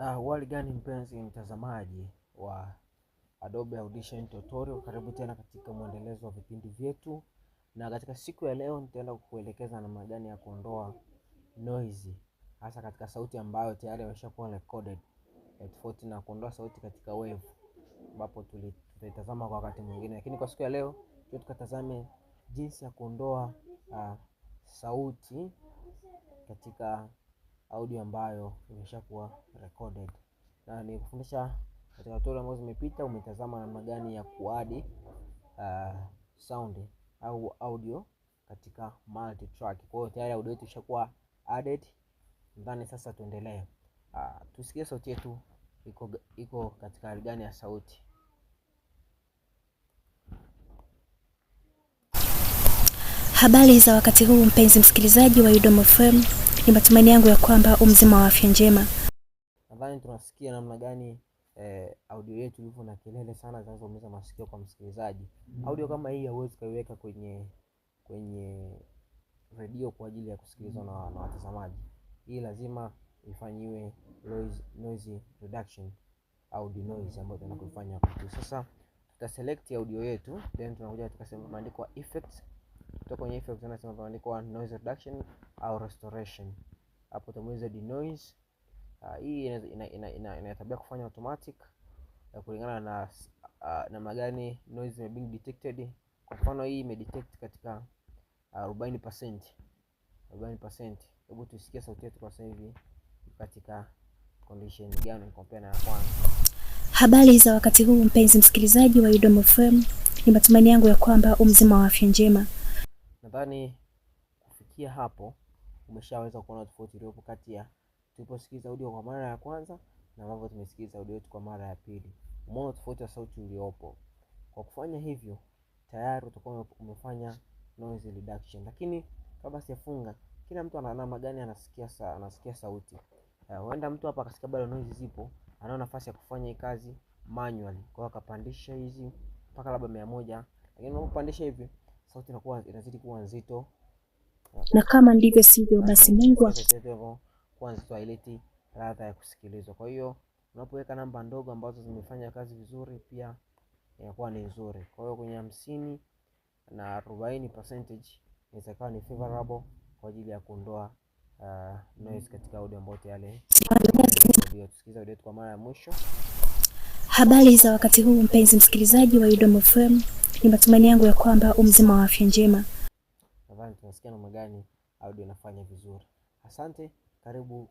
Ah, wali gani mpenzi mtazamaji wa Adobe Audition Tutorial, karibu tena katika mwendelezo wa vipindi vyetu, na katika siku ya leo nitaenda kukuelekeza namna gani ya kuondoa noise hasa katika sauti ambayo tayari imeshakuwa recorded, tofauti na kuondoa sauti katika wave ambapo tutaitazama kwa wakati mwingine, lakini kwa siku ya leo tukatazame jinsi ya kuondoa uh, sauti katika audio ambayo imeshakuwa recorded, na nikufundisha katika tutorial ambazo zimepita, umetazama namna gani ya kuadi uh, sound au audio katika multi track. Kwa hiyo tayari audio yetu ishakuwa added. ndani sasa tuendelee, uh, tusikie sauti yetu iko, iko katika hali gani ya sauti. Habari za wakati huu mpenzi msikilizaji wa Udom FM, ni matumaini yangu ya kwamba umzima wa afya njema. Nadhani tunasikia namna gani eh, audio yetu ilivyo na kelele sana zinazoumiza masikio kwa msikilizaji. mm. Audio kama hii hauwezi kuiweka kwenye kwenye redio kwa ajili ya kusikilizwa na, na watazamaji. Hii lazima ifanyiwe noise, noise reduction au denoise ambayo tunakuifanya. Sasa tutaselect audio yetu then tunakuja katika sehemu imeandikwa effects kutoka kwenye effects anasema pameandikwa noise reduction au restoration. Hapo tumeweza denoise. Uh, ah, hii ina ina, tabia kufanya automatic ya eh, kulingana na uh, namna gani noise may being detected. Kwa mfano hii ime detect katika ah, arobaini percent arobaini percent. Hebu tusikie sauti yetu kwa sasa hivi katika condition gani compare na kwanza. Habari za wakati huu mpenzi msikilizaji wa UDOM FM, ni matumaini yangu ya kwamba umzima wa afya njema. Nadhani kufikia hapo umeshaweza kuona tofauti iliyopo kati ya tuliposikiliza audio kwa mara ya kwanza na ambavyo tumesikiliza audio yetu kwa mara ya pili. Umeona tofauti ya sauti uliopo. Kwa kufanya hivyo, tayari utakuwa umefanya noise reduction. Lakini kabla sijafunga, kila mtu ana namna gani anasikia sa, anasikia sauti. Eh, huenda uh, mtu hapa akasikia bado noise zipo, ana nafasi ya kufanya hii kazi manually. Kwa hiyo akapandisha hizi mpaka labda 100, moja, lakini unapopandisha hivi sauti inakuwa inazidi kuwa nzito, na kama ndivyo sivyo, basi Mungu kuwa nzito, haileti ladha ya kusikilizwa. Kwa hiyo unapoweka namba ndogo ambazo zimefanya kazi vizuri, pia inakuwa ni nzuri. Kwa hiyo kwenye hamsini na arobaini percentage inaweza kuwa ni favorable kwa ajili ya kuondoa uh, noise katika audio ambayo tayari tusikiza audio kwa mara ya mwisho. Habari za wakati huu mpenzi msikilizaji wa UDOM FM. Ni matumaini yangu ya kwamba umzima wa afya njema. Nadhani tunasikia namna gani audio inafanya vizuri. Asante, karibu.